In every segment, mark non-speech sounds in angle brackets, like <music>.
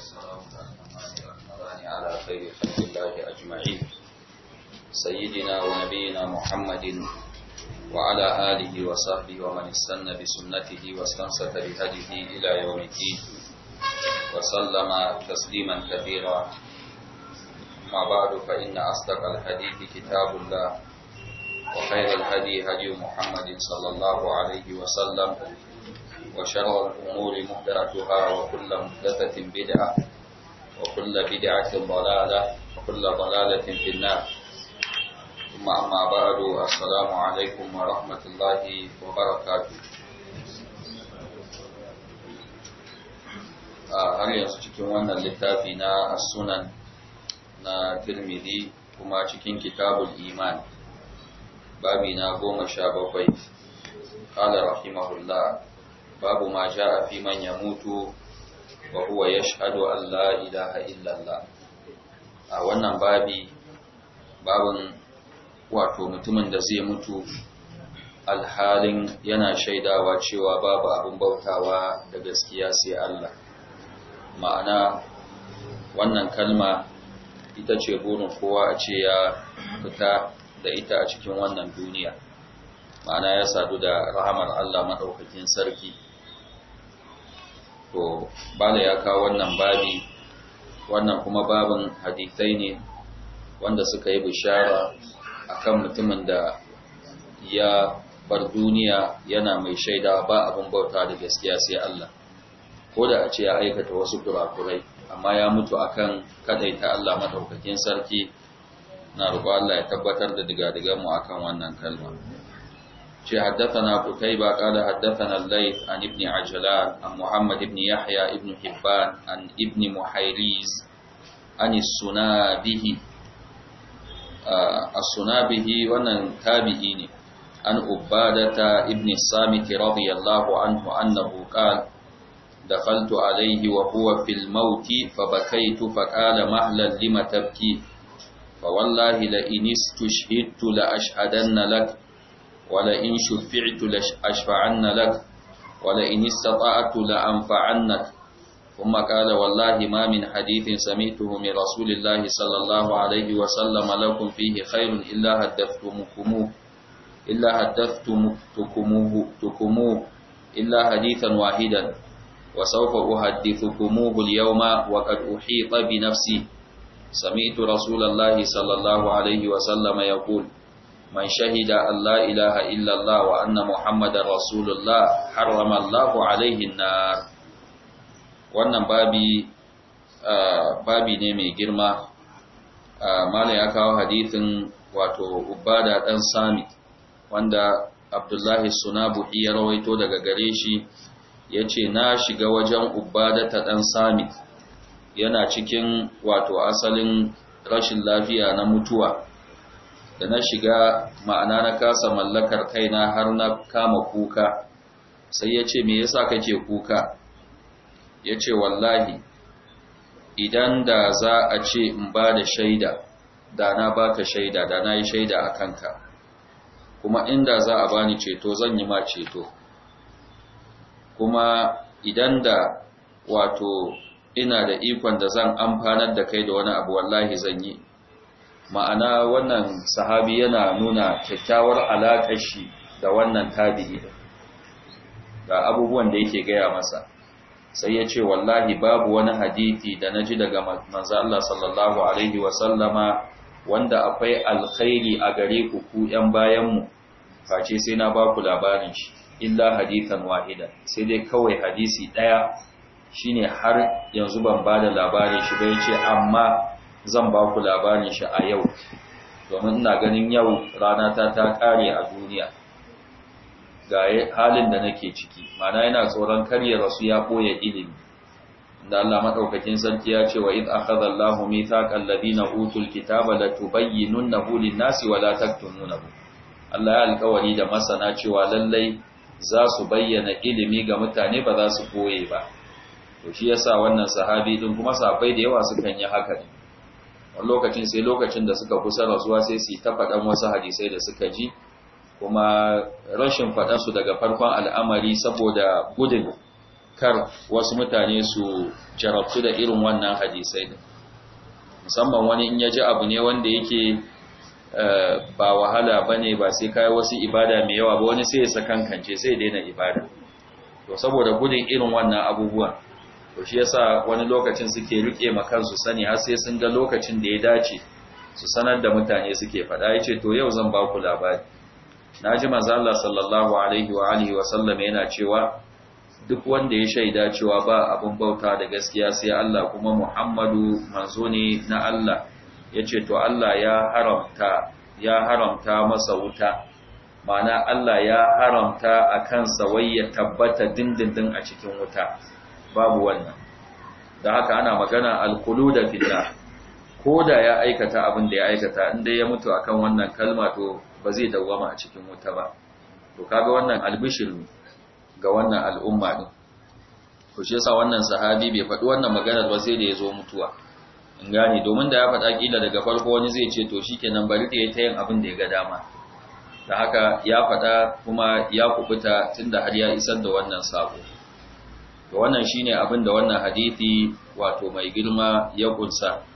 والسلام على خير خلق الله أجمعين سيدنا ونبينا محمد وعلى آله وصحبه ومن استنى بسنته واستنصت بهديه إلى يوم الدين وسلم تسليما كثيرا ما بعد فإن أصدق الحديث كتاب الله وخير الهدي هدي محمد صلى الله عليه وسلم وشر الأمور محدثاتها وكل محدثة بدعة وكل بدعة ضلالة وكل ضلالة في النار ثم أما بعد السلام عليكم ورحمة الله وبركاته هل آه، يستكون لتابنا السنن نا ترمذي sunan تكين كتاب الإيمان بابنا قوم iman قال رحمه الله babu ma a fi man mutu, wa huwa ya an la ilaha illa a wannan babi babin wato mutumin da zai mutu alhalin yana shaidawa cewa babu abin bautawa da gaskiya sai Allah ma'ana wannan kalma ita ce burin kowa a ce ya fita da ita a cikin wannan duniya ma'ana ya sadu da rahamar Allah maɗaukakin sarki to bala ya kawo wannan babi wannan kuma babin hadisai ne wanda suka yi bishara akan mutumin da ya bar duniya yana mai shaida ba abin bauta da gaskiya sai Allah ko da a ce ya aikata wasu kurakurai amma ya mutu akan kadaita Allah madaukakin sarki na roƙo Allah ya tabbatar da diga-digan mu akan wannan kalma شي حدثنا قتيبة قال حدثنا الليث عن ابن عجلان عن محمد بن يحيى ابن حبان عن ابن محيريز عن السنابه آه، السنابه wannan tabi'i ne an ubadata ibn samit radiyallahu anhu annahu qala دخلت عليه وهو في الموت فبكيت فقال مهلا لم تبكي فوالله لئن استشهدت لأشهدن لك ولئن شفعت لأشفعن لك ولئن استطعت لأنفعنك ثم قال والله ما من حديث سمعته من رسول الله صلى الله عليه وسلم لكم فيه خير إلا هدفتمكموه إلا هدفتمكموه إلا حديثا واحدا وسوف أهدفكموه اليوم وقد أحيط بنفسي سمعت رسول الله صلى الله عليه وسلم يقول من شهد أن لا إله إلا الله وأن محمد رسول الله حرم الله عليه النار wannan babi babi ne mai girma malam ya kawo hadithin wato ubada dan sami wanda abdullahi sunabu ya rawaito daga gare shi ya ce na shiga wajen ubada ta dan sami yana cikin wato asalin rashin lafiya na mutuwa da na shiga ma'ana na kasa mallakar kaina har na kama kuka sai ya ce me yasa kake kuka ya ce wallahi idan da za a ce in ba da shaida da na baka shaida da na yi shaida a kanka kuma inda za a bani ceto zan yi ma ceto kuma idan da wato ina da ikon da zan amfanar da kai da wani abu wallahi zan yi ma'ana wannan sahabi yana nuna kyakkyawar alaƙar shi da wannan tabi'i da abubuwan da yake gaya masa sai ya ce wallahi babu wani hadithi da naji daga manzo Allah sallallahu alaihi wa sallama wanda akwai alkhairi a gare ku ku yan bayan mu face sai na ba ku labarin shi illa hadithan wahida sai dai kawai hadisi daya shine har yanzu ban ba da labarin shi bai ce amma zan ba ku labarin shi a yau domin ina ganin yau rana ta ta kare a duniya ga halin da nake ciki mana yana tsoron karye rasu ya koya ilimi da Allah madaukakin sarki ya ce wa id akhadha Allahu mithaqal ladina utul kitaba la tubayyinunahu lin-nasi wa la taktumunahu Allah ya alƙawari da masana cewa lallai za su bayyana ilimi ga mutane ba za su koye ba to shi yasa wannan sahabi din kuma sahabbai da yawa sukan yi haka ne lokacin sai lokacin da suka kusa rasuwa sai su ta faɗan wasu hadisai da suka ji kuma rashin faɗansu daga farkon al'amari saboda gudun kar wasu mutane su jarabtu da irin wannan hadisai musamman wani in ya ji abu ne wanda yake eh, ba wahala ba ne ba sai kayi wasu ibada mai yawa ba wani sai ya sakankance sai daina ibada to saboda gudun irin wannan abubuwan to shi yasa wani lokacin suke rike ma su sani har sai sun ga lokacin da ya dace su sanar da mutane suke faɗa ya ce to yau zan ba ku labari na ji manzo Allah sallallahu alaihi wa alihi wa sallam yana cewa duk wanda ya shaida cewa ba abin bauta da gaskiya sai Allah kuma Muhammadu manzo ne na Allah ya ce to Allah ya haramta ya haramta masa wuta ma'ana Allah ya haramta a kansa wai ya tabbata dindindin a cikin wuta babu wannan da haka ana magana alkuluda finna ko da ya aikata abin da ya aikata inda ya mutu akan wannan kalma to ba zai dawwama a cikin wuta ba to kaga wannan albishir ga wannan al'umma din to shi yasa wannan sahabi bai faɗi wannan maganar ba sai da ya zo mutuwa in gani domin da ya faɗa kila daga farko wani zai ce to shi shikenan bari da ya ta yin abin da ya ga dama da haka ya faɗa kuma ya kubuta tunda har ya isar da wannan sako ga wannan ne abin da wannan hadisi wato mai girma ya kunsa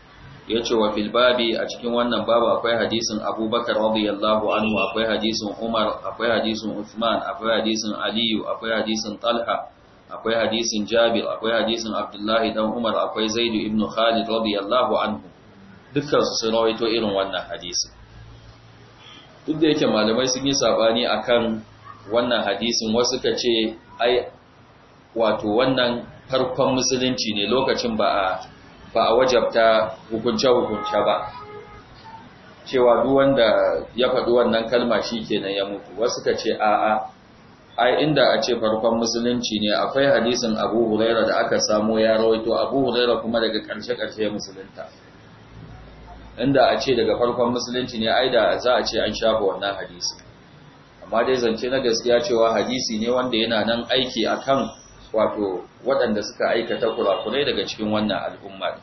ce wa fil babi a cikin wannan babu akwai hadisin Abubakar radiyallahu anhu akwai hadisin Umar akwai hadisin Usman, akwai hadisin Aliyu, akwai hadisin Talha akwai hadisin Jabir akwai hadisin Abdullahi dan Umar akwai Zaidu ibn Khalid radiyallahu anhu dukkan su sun rawaito irin wannan hadisin duk da yake malamai sun yi sabani akan wannan hadisin wasu ka ce ai wato wannan farkon musulunci ne lokacin ba a ba a wajabta hukunce-hukunce ba cewa duk wanda ya faɗi wannan kalma shi kenan ya mutu wasu ka ce a'a ai inda a ce farkon musulunci ne akwai hadisin abu huraira da aka samo ya rawaito abu huraira kuma daga ƙarshe-ƙarshe ya musulunta inda a ce daga farkon musulunci ne ai da za a ce an shafa wannan hadisi amma dai zance na gaskiya cewa hadisi ne wanda yana nan aiki akan wato waɗanda suka aikata kurakurai daga cikin wannan al'umma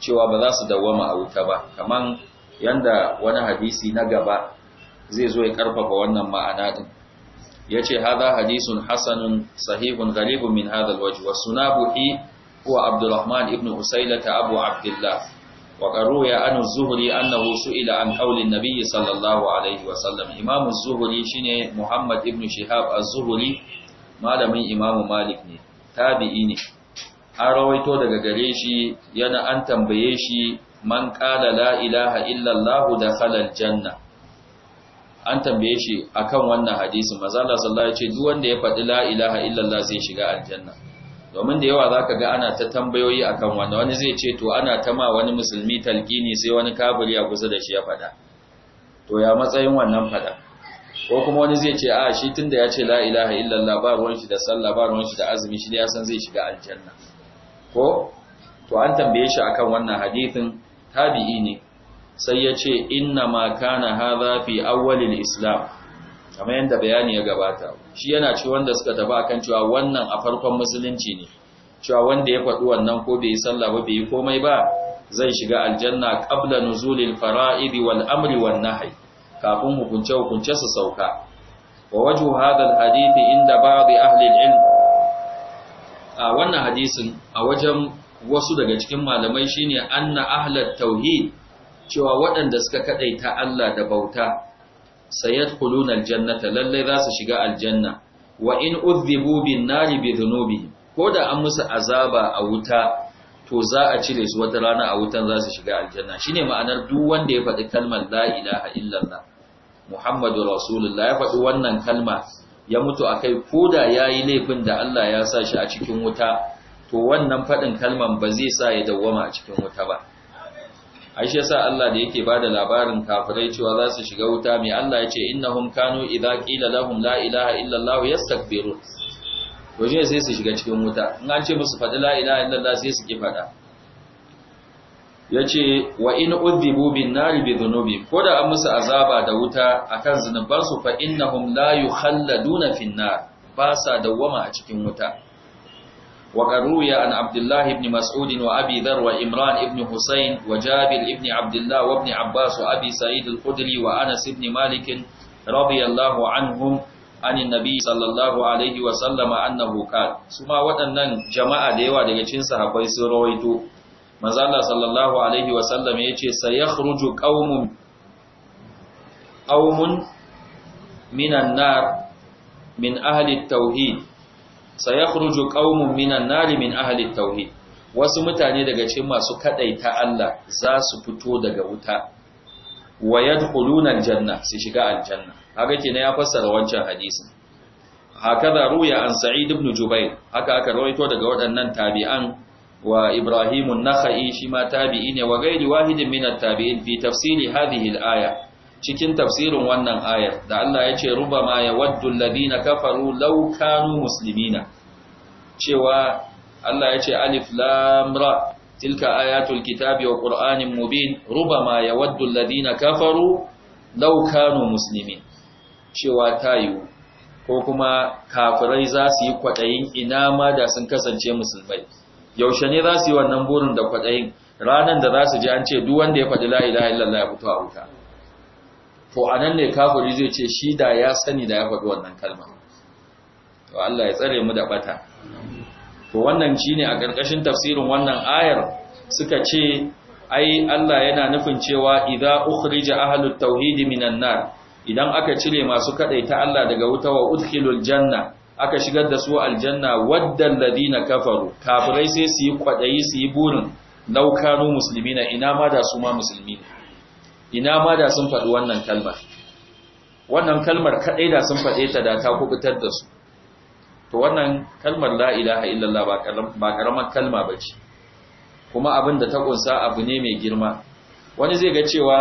cewa ba za su dawwama a wuta ba kaman yanda wani hadisi na gaba zai zo ya karfafa wannan ma'ana din yace hadha hadisun hasanun sahihun gharibun min hadha alwajh wa sunabuhi huwa abdurrahman ibn usailata abu abdullah wa qaruya an az-zuhri annahu su'ila an qawli an-nabiy sallallahu alaihi wa sallam imam az-zuhri shine muhammad ibn shihab az-zuhri malamin imamu malik ne tabi'i ne an rawaito daga gare shi yana an tambaye shi man qala la ilaha da halal janna. an tambaye shi akan wannan hadisi manzo Allah sallallahu alaihi duk wanda ya faɗi la ilaha illallah zai shiga aljanna domin da yawa zaka ga ana ta tambayoyi akan wannan wani zai ce to ana ta ma wani musulmi talqini sai wani kafiri a kusa da shi ya faɗa to ya matsayin wannan faɗa ko kuma wani zai ce a shi tunda ya ce la ilaha illallah ba ruwan shi da sallah ba ruwan shi da azumi shi ne ya san zai shiga aljanna ko to an tambaye shi akan wannan hadithin tabi'i ne sai ya ce inna ma kana hadha fi awwalil islam kamar yadda bayani ya gabata shi yana ci wanda suka taba akan cewa wannan a farkon musulunci ne cewa wanda ya faɗi wannan ko bai yi sallah ba bai yi komai ba zai shiga aljanna qabla nuzulil fara'iri wal amri wan nahyi kafin hukunce hukunce su sauka wa wajhu hadha hadithi inda ba'd ahli ilm a wannan hadisin a wajen wasu daga cikin malamai shine anna ahlat tauhid cewa waɗanda suka kadaita Allah da bauta sayadkhuluna aljannata lalle za su shiga aljanna wa in udhibu bin nari bi Ko koda an musu azaba a wuta to za a cire su wata rana a wutan za su shiga aljanna shine ma'anar duk wanda ya faɗi kalmar la ilaha illallah Muhammadu Rasulullah ya faɗi wannan kalma ya mutu a kai ko da ya yi laifin da Allah ya sa shi a cikin wuta to wannan faɗin kalman ba zai sa ya dawwama a cikin wuta ba aisha sa Allah da yake bada labarin kafirai cewa za su shiga wuta mai Allah ya ce innahum kanu idza qila lahum la ilaha illa Allah yastakbirun to sai su shiga cikin wuta in an ce musu faɗi la ilaha illallah sai su ki faɗa yace wa in udhibu bin nari bi dhunubi ko da an musu azaba da wuta akan zunubansu fa innahum la yukhalladuna fin nar ba sa dawwama a cikin wuta wa qaruya an abdullah ibn mas'ud wa abi dhar wa imran ibn husayn wa jabir ibn abdullah wa ibn abbas wa abi sa'id al-khudri wa anas ibn malik radiyallahu anhum عن النبي Sallallahu alaihi wa وسلم أنه قال Suma waɗannan jama'a da yawa daga cikin sahabbai sun rawaito manzo sallallahu alaihi wasallam yace sayakhruju qaumun qaumun minan nar min ahli tauhid sayakhruju qaumun minan nar min ahli tauhid wasu mutane daga cikin masu kadaita Allah za su fito daga wuta wa yadkhuluna aljanna su shiga aljanna haka kenan ya fassara wancan hadisin da ruya an sa'id ibn jubair haka aka rawaito daga waɗannan tabi'an wa Ibrahim an shi ma tabi'i ne wa gairi wahidin min tabiin fi tafsiri hadhihi aya cikin tafsirin wannan ayar da Allah ya ce rubama yawaddu alladhina kafaru law kanu muslimina cewa Allah ya ce alif lam tilka ayatul kitabi wa qur'anin mubin ruba yawaddu alladhina kafaru law kanu muslimin cewa tayu ko kuma kafirai za su yi kwaɗayin ina ma da sun kasance musulmai yaushe ne za su yi wannan burin da kwaɗayin ranar da za su ji an ce duk wanda ya faɗi la'ila illallah ya fito a wuta to a nan ne kafiri zai ce shi da ya sani da ya faɗi wannan kalma to Allah ya tsare mu da bata to wannan shi ne a ƙarƙashin tafsirin wannan ayar suka ce ai Allah yana nufin cewa idza ukhrija ahlut tauhid minan nar idan aka cire masu kadaita Allah daga wuta wa udkhilul janna aka shigar da su aljanna waddal ladina kafaru kafirai sai su yi kwadayi su yi burin musulmi na ina ma da su ma musulmi ina ma da sun faɗi wannan kalmar wannan kalmar kadai da sun faɗe ta da ta kubutar da su to wannan kalmar la ilaha illallah ba karamar kalma bace kuma abin da ta kunsa abu ne mai girma wani zai ga cewa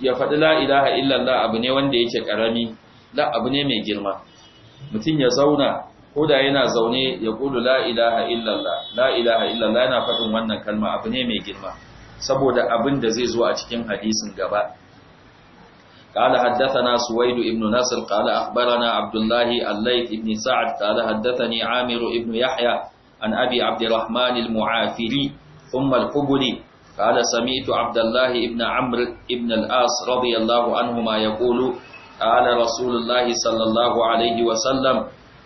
ya faɗi la ilaha illallah abu ne wanda yake karami la abu ne mai girma mutum ya zauna ko da yana zaune ya kudu la ilaha la’ilaha illallah yana faɗin wannan kalma abu ne mai girma saboda abin da zai zo a cikin hadisin gaba Kala haddata na suwaidu ibn nasir ƙala akbarana na abdullahi allaik ibn sa'ad ƙala haddata ne amiru ibn yahya an abi abdurrahman muafiri umma al-kuburi ƙala sami'tu abdullahi ibn amr ibn al-as radiyallahu anhu ma ya قال رسول الله صلى الله عليه وسلم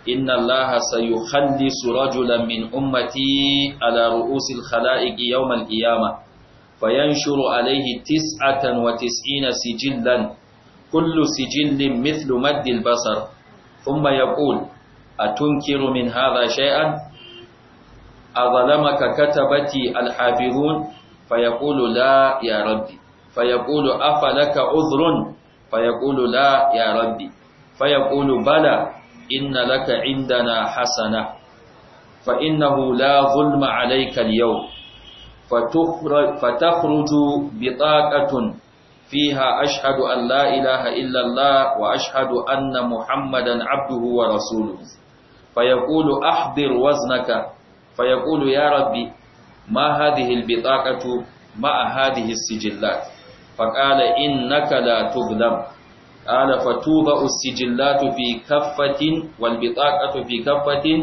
إن الله سيخلص رجلا من أمتي على رؤوس الخلائق يوم القيامة فينشر عليه تسعة وتسعين سجلا كل سجل مثل مد البصر ثم يقول أتنكر من هذا شيئا أظلمك كتبتي الحافظون فيقول لا يا ربي فيقول أفلك عذر fa yaqulu la ya rabbi fa yaqulu bala inna laka indana hasana fa innahu la zulma alayka al-yawm فتخرج بطاقة فيها أشهد أن لا إله إلا الله وأشهد أن محمدا عبده ورسوله فيقول أحضر وزنك فيقول يا ربي ما هذه البطاقة مع هذه السجلات faƙala innaka la tughlab qala fatuba usijillatu fi kaffatin wal fi kaffatin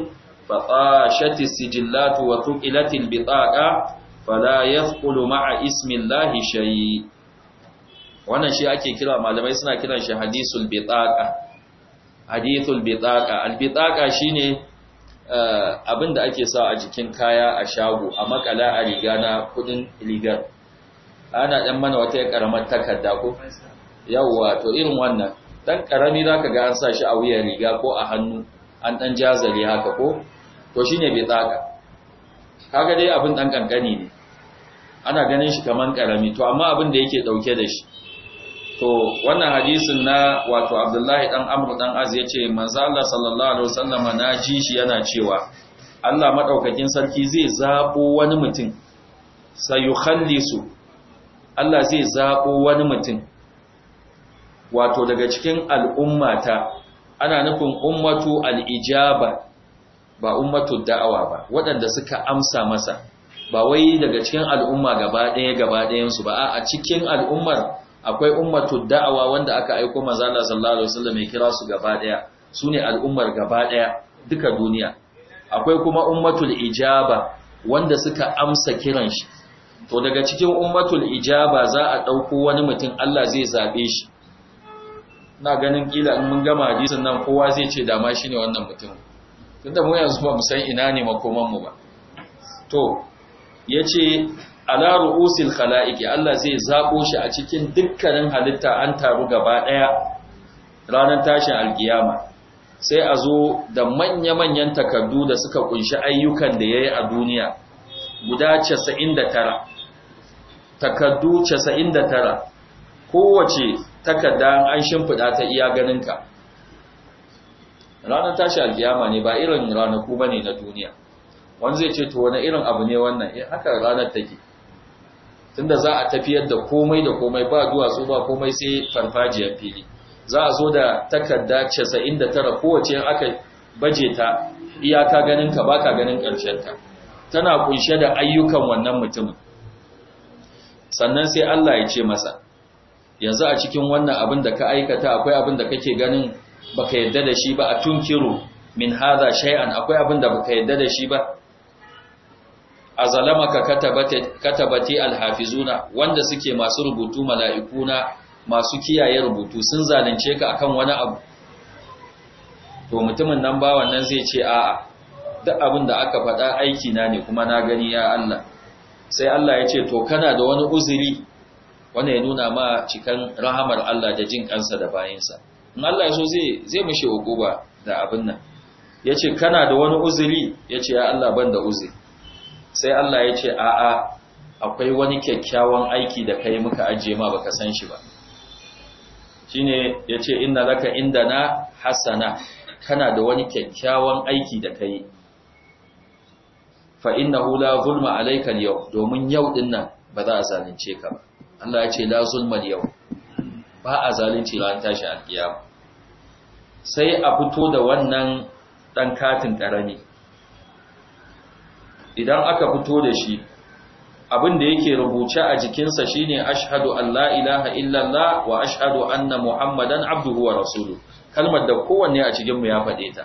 faqashati sijillatu wa tuqilatil bitaqa fala yafqulu ma'a ismillahi shay wannan shi ake kira malamai suna kiran shi hadisul bitaqa hadithul bitaqa shine abinda ake sa a jikin kaya a shago a makala a riga na kudin rigar ana dan mana wata karamar takarda ko yawwa to irin wannan dan karami zaka ga an sa shi a wuyan riga ko a hannu an dan jazare haka ko to shine bai tsaka kaga dai abin dan kankani ne ana ganin shi kaman karami to amma abin da yake dauke da shi to wannan hadisin na wato Abdullahi dan Amur dan Az yace manzo Allah sallallahu alaihi wasallam na ji shi yana cewa Allah madaukakin sarki zai zabo wani mutum sayukhallisu Allah zai zaɓo wani mutum wato daga cikin al'ummata ana nufin ummatu al'ijaba ba ummatu da'awa ba waɗanda suka amsa masa ba wai daga cikin al'umma gaba ɗaya gaba ɗayansu ba a cikin al'ummar akwai ummatu da'awa wanda aka aiko mazala sallallahu alaihi wasallam mai kira su gaba ɗaya su ne al'ummar gaba ɗaya duka duniya akwai kuma ummatul ijaba wanda suka amsa kiran shi to daga cikin ummatul ijaba za a ɗauko wani mutum Allah zai zaɓe shi na ganin kila in mun gama hadisin nan kowa zai ce dama shine wannan mutum tunda mu yanzu ba mu san ina ne makoman mu ba to yace ala ru'usil khala'iki Allah zai zaɓo shi a cikin dukkanin halitta an taru gaba ɗaya ranar tashin alkiyama sai a zo da manya-manyan takardu da suka kunshi ayyukan da yayi a duniya guda 99 takaddu 99 kowace takadda an shimfida ta iya ganinka ranar tashi alkiyama ne ba irin ranaku bane na duniya wani zai ce to wani irin abu ne wannan eh haka ranar take tunda za a tafiyar da komai da komai ba duwatsu ba komai sai farfajiyar fili za a zo da takarda 99 kowace aka baje ta iyaka ganin ka baka ganin ƙarshen ta tana kunshe da ayyukan wannan mutumin sannan sai Allah ya ce masa yanzu a cikin wannan abin da ka aikata akwai abin da kake ganin baka yadda da shi ba a tunkiru min hadha shay'an akwai abin da baka yadda da shi ba azalamaka katabati katabati alhafizuna wanda suke masu rubutu mala'ikuna masu kiyaye rubutu sun zalunce ka akan wani abu to mutumin nan ba wannan zai ce a'a duk abin da aka faɗa aiki na ne kuma na gani ya Allah sai Allah ya ce to kana da wani uzuri wanda ya nuna ma cikan rahamar Allah da jin kansa da bayinsa in Allah ya so zai zai mishi hukuba da abin nan yace kana da wani uzuri yace ya Allah ban da uzuri sai Allah ya ce a'a akwai wani kyakkyawan aiki da kai muka ajiye ma baka san shi ba shine yace inna laka indana hasana kana da wani kyakkyawan aiki da kai fa innahu la zulma alaikar yau, domin yau dinnan nan ba za a zalunce ka ba Allah ya ce la zulma al ba a zalunci ran tashi alkiyama sai a fito da wannan dan katin ƙarami. idan aka fito da shi abin da yake rubuce a jikinsa shine ashhadu an la ilaha illallah wa ashhadu anna muhammadan abduhu wa rasuluhu kalmar da kowanne a cikin mu ya faɗe ta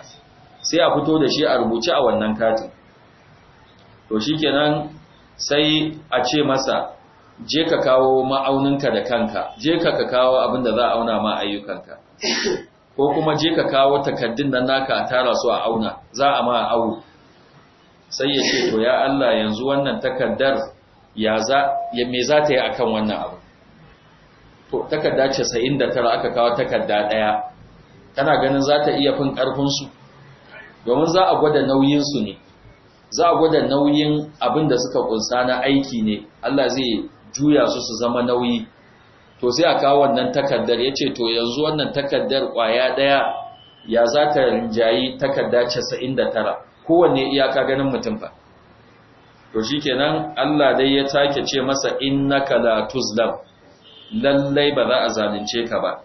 sai a fito da shi a rubuce a wannan katin to shikenan sai a ce masa je ka kawo ma'auninka da kanka je ka ka kawo abin da za a auna ma ayyukanka ko kuma je ka kawo takaddun nan naka a tara su a auna za a ma awu sai ya ce to ya Allah yanzu wannan takaddar ya za ya me za ta yi akan wannan abu to takadda 99 aka kawo takadda daya kana ganin za ta iya fin karfin su domin za a gwada nauyin su ne za a gwada nauyin abin da suka kunsa na aiki ne Allah zai juya su su zama nauyi to sai a kawo wannan takardar ya ce to yanzu wannan takardar kwaya ɗaya ya za ta rinjayi takarda 99 kowanne iyaka ganin mutum fa to shi shikenan Allah dai ya take ce masa innaka la tuzlam lallai ba za a zalunce ka ba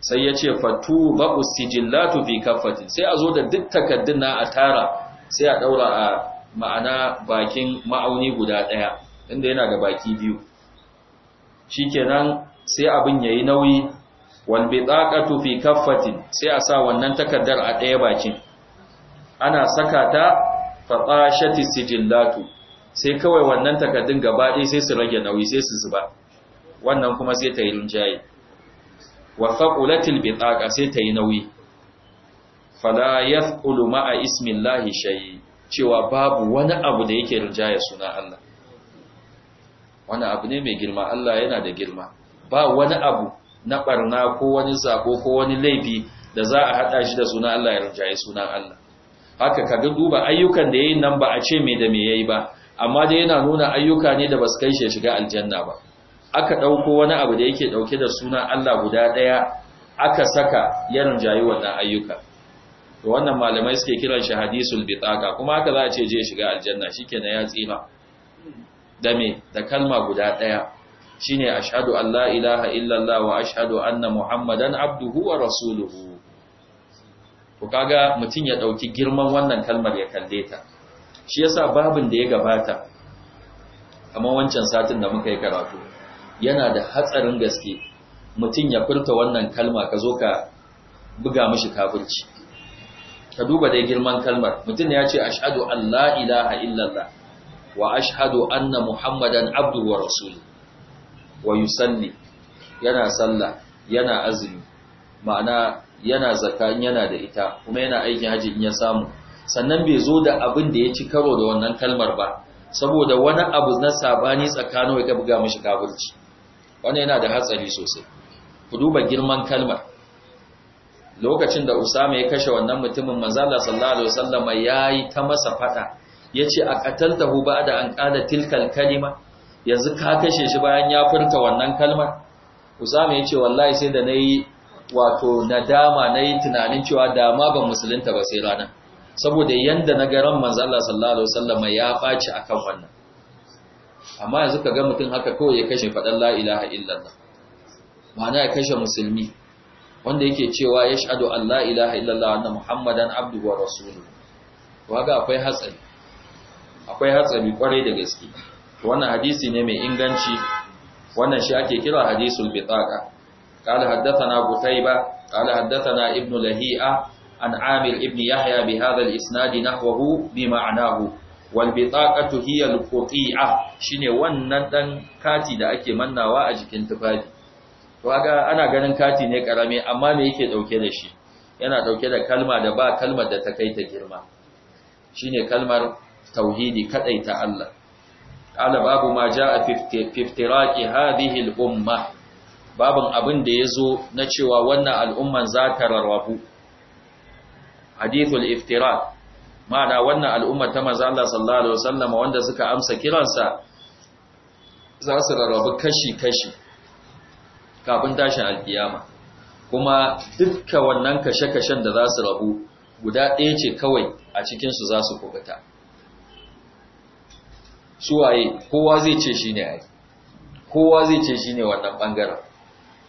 sai ya ce fatu ba usijillatu fi kaffatin sai a zo da duk takardun na a tara sai a daura a ma'ana bakin ma'auni guda ɗaya, inda yana da baki biyu shikenan sai abin yayi nauyi wal bitaqatu fi kaffatin sai a sa wannan takardar a ɗaya bakin ana saka ta fatashati sijillatu sai kawai wannan takardun gaba ɗaya sai su rage nauyi sai su zuba wannan kuma sai ta yi rinjaye wa faqulatil tsaka sai ta yi nauyi fala yaf'ulu ma'a ismillahi shay'i cewa babu wani abu da yake rinjaya suna Allah wani abu ne mai girma Allah yana da girma ba wani abu na barna ko wani zabo ko wani laifi da za a hada shi da sunan Allah ya rinjaye sunan Allah haka ka duba ayyukan da yayin nan ba a ce mai da me yayi ba amma dai yana nuna ayyuka ne da basu kai shi shiga aljanna ba aka dauko wani abu da yake dauke da sunan Allah guda daya aka saka ya rinjaye wannan ayyuka to wannan malamai suke kiran shi hadisul bitaka kuma haka za a ce je shiga aljanna shikenan ya tsima da me da kalma guda daya shine ashhadu an la ilaha illallah wa ashhadu anna muhammadan abduhu wa rasuluhu to kaga mutun ya dauki girman wannan kalmar ya kalle ta shi yasa babin da ya gabata kamar wancan satin da muka yi karatu yana da hatsarin gaske mutum ya furta wannan kalma ka zo ka buga mishi kafirci ka duba dai girman kalmar mutum ya ce ashadu an la ilaha illallah wa an anna muhammadan abduhu wa rasuluhu wa yana sallah yana azumi ma'ana yana zakka yana da ita kuma yana aikin haji in ya samu sannan bai zo da abin da ya ci karo da wannan kalmar ba saboda wani abu na sabani tsakanin ya buga mashi kafirci wani yana da hatsari sosai ku duba girman kalmar lokacin da usama ya kashe wannan mutumin manzala sallallahu alaihi wasallam yi ta masa fada yace a qataltahu da an qala tilkal kalima yanzu ka kashe shi bayan ya furta wannan kalmar usama yace wallahi sai da nayi wato nadama nayi tunanin cewa da ma ban musulunta ba sai ranan saboda yanda na garan manzala sallallahu alaihi wasallam ya faci akan wannan amma yanzu kaga mutum haka kawai ya kashe fadan la ilaha illallah ma'ana ya kashe musulmi wanda yake cewa ya shaɗu Allah ilaha illallah na Muhammadan abdu wa rasulu waga akwai hatsari akwai hatsari kwarai da gaske wannan hadisi ne mai inganci wannan shi ake kira hadisul bitaqa qala haddathana qutayba qala haddathana ibnu lahi'a an amir ibn yahya bi hadha al-isnad nahwahu bi ma'nahu wal bitaqatu hiya al shine wannan dan kati da ake mannawa a jikin tufafi to ana ganin kati ne karami amma me yake dauke da shi yana dauke da kalma da ba kalmar da ta kai ta girma shine kalmar tauhidi ta Allah qala babu ma jaa fi iftiraqi hadhihi al-umma babun abin da yazo na cewa wannan al'umman za ta rarrabu hadithul iftiraq ma'ana wannan al'umma ta manzo Allah sallallahu alaihi wasallam wanda suka amsa kiransa za su rarrabu kashi kashi kafin tashin alkiyama kuma dukka wannan kashe-kashen da za su rabu guda ɗaya ce kawai a cikinsu za su kubuta suwaye kowa zai ce shi ne kowa zai ce shi ne wannan ɓangaren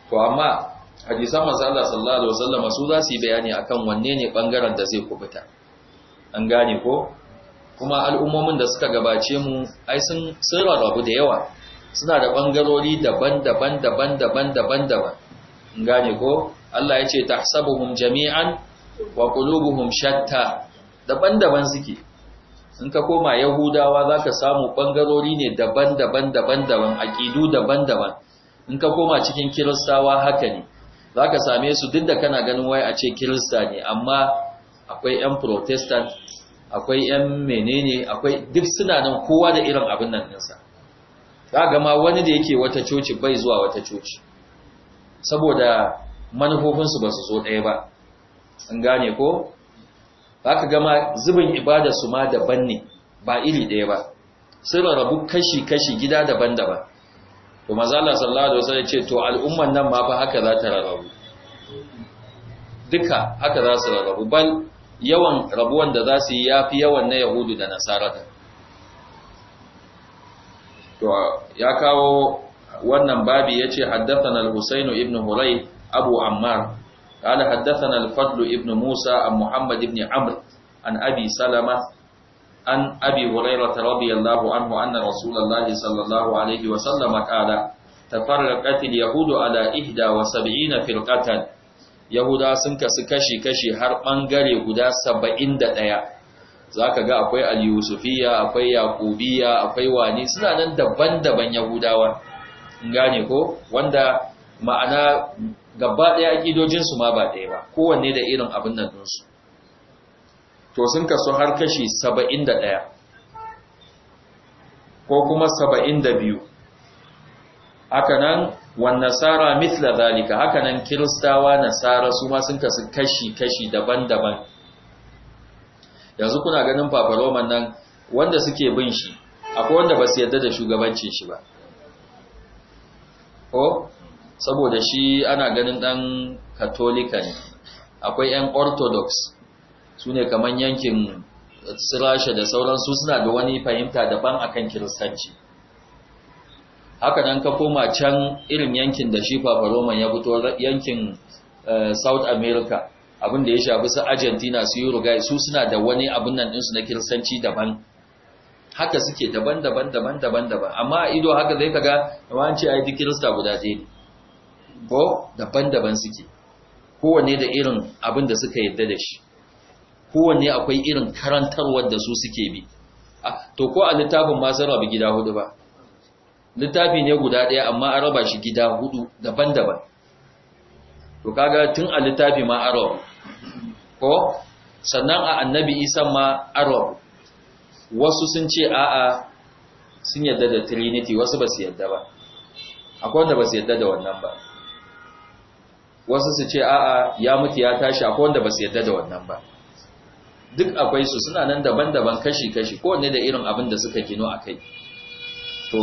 to amma hadisan masu Allah sallallahu alaihi wasallam su za su yi bayani akan wanne ne ɓangaren da zai kubuta an gane ko kuma al'ummomin da suka gabace mu ai sun sun rarrabu da yawa suna da bangarori daban-daban daban-daban daban-daban gane ko Allah ya ce tahsabuhum jami'an wa qulubuhum shatta daban-daban suke in ka koma yahudawa za ka samu ɓangarori ne daban-daban daban-daban aqidu daban-daban in ka koma cikin kiristawa haka ne Za ka same su duk da kana ganin wai a ce kirista ne amma akwai yan protestant akwai yan menene akwai duk suna nan kowa da irin abin nan ɗinsa za ga ma wani da yake wata coci bai zuwa wata coci saboda manufofinsu ba su zo ɗaya ba an gane ko ba ka gama zubin ibada su ma daban ne ba iri ɗaya ba sun rabu kashi-kashi gida daban-daban to mazala sallallahu wasu da ce to al'umman nan ma fa haka za ta rarrabu duka haka za su rarrabu ban yawan rabuwan da za su yi ya fi yawan na yahudu da nasara to ya kawo wannan babi yace haddathana al-Husayn ibn Hulay Abu Ammar qala haddathana al-Fadl ibn Musa an Muhammad ibn Amr an Abi Salama an Abi Hurairah radiyallahu anhu anna Rasulullah sallallahu alaihi wa sallam qala tafarraqat al-yahud ala 71 firqatan yahuda sun kasu kashi kashi har bangare guda 71 Za ka ga akwai al-yusufiya akwai yakubiya akwai wani suna nan daban-daban yahudawa gane ko wanda ma'ana gaba daya akidojin su ma ba daya ba kowanne da irin abin nan din su to sun kaso har kashi 71 ko kuma 72 haka nan wan nasara mithla zalika haka nan kristawa nasara su ma sun kasu kashi kashi daban-daban yanzu kuna ganin roman nan wanda suke bin shi akwai wanda ba su yarda da shugabancin shi ba ko saboda shi ana ganin dan katolika ne akwai yan orthodox su ne kamar yankin tsirashe da sauransu suna da wani fahimta daban akan kiristanci haka nan ka koma can irin yankin da shi fafaroman ya fito yankin eh, south america abin da ya shafi su Argentina su Uruguay su suna da wani abin nan ɗinsu na kirsanci daban haka suke daban-daban daban-daban daban amma ido haka zai kaga an ce ai duk kirista guda ɗaya ne ko daban-daban suke kowanne da irin abin da suka yarda da shi kowanne akwai irin karantarwar da su suke bi to ko a littafin ma sun rabu gida hudu ba littafi ne guda ɗaya amma an raba shi gida hudu daban-daban to kaga tun a littafi ma arab ko sannan a annabi isa ma arab wasu sun ce a'a sun yadda da trinity wasu ba su yadda ba akwai wanda ba su yadda da wannan ba wasu su ce a'a ya mutu ya tashi akwai wanda ba su yadda da wannan ba duk akwai su suna nan daban-daban kashi-kashi kowanne da irin abin da suka gino a kai to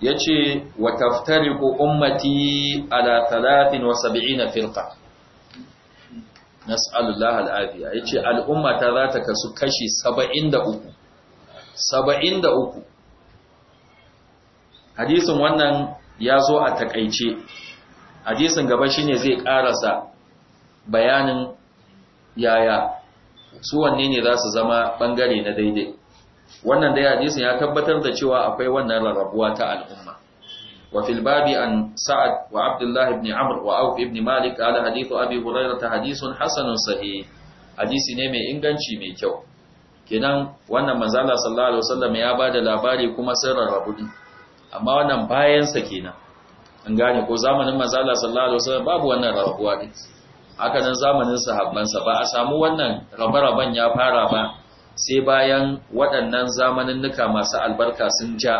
Ya ce wa taftari taftariqu ummati ala talatin wa Na firqa nas'alullah al'afiya ya ce al'ummata za ta kasu kashi saba'in saba'in da uku, da uku. hadisin wannan ya zo a takaice hadisin gaba shi ne zai karasa bayanin yaya su wanne ne za su zama bangare na daidai wannan dai hadisin ya tabbatar da cewa akwai wannan rarrabuwa ta al'umma wa fil babi an sa'ad wa Abdullahi ibn amr wa auf ibn malik ala hadithu abi ta hadithun hasanun sahih hadisi ne mai inganci mai kyau kenan wannan manzala sallallahu alaihi wasallam ya bada labari kuma sai rarrabu din amma wannan bayan sa kenan an gane ko zamanin manzala sallallahu alaihi wasallam babu wannan rarrabuwa din haka nan zamanin sahabban sa ba a samu wannan rabaraban ya fara ba sai bayan waɗannan zamanin Nuka masu albarka sun ja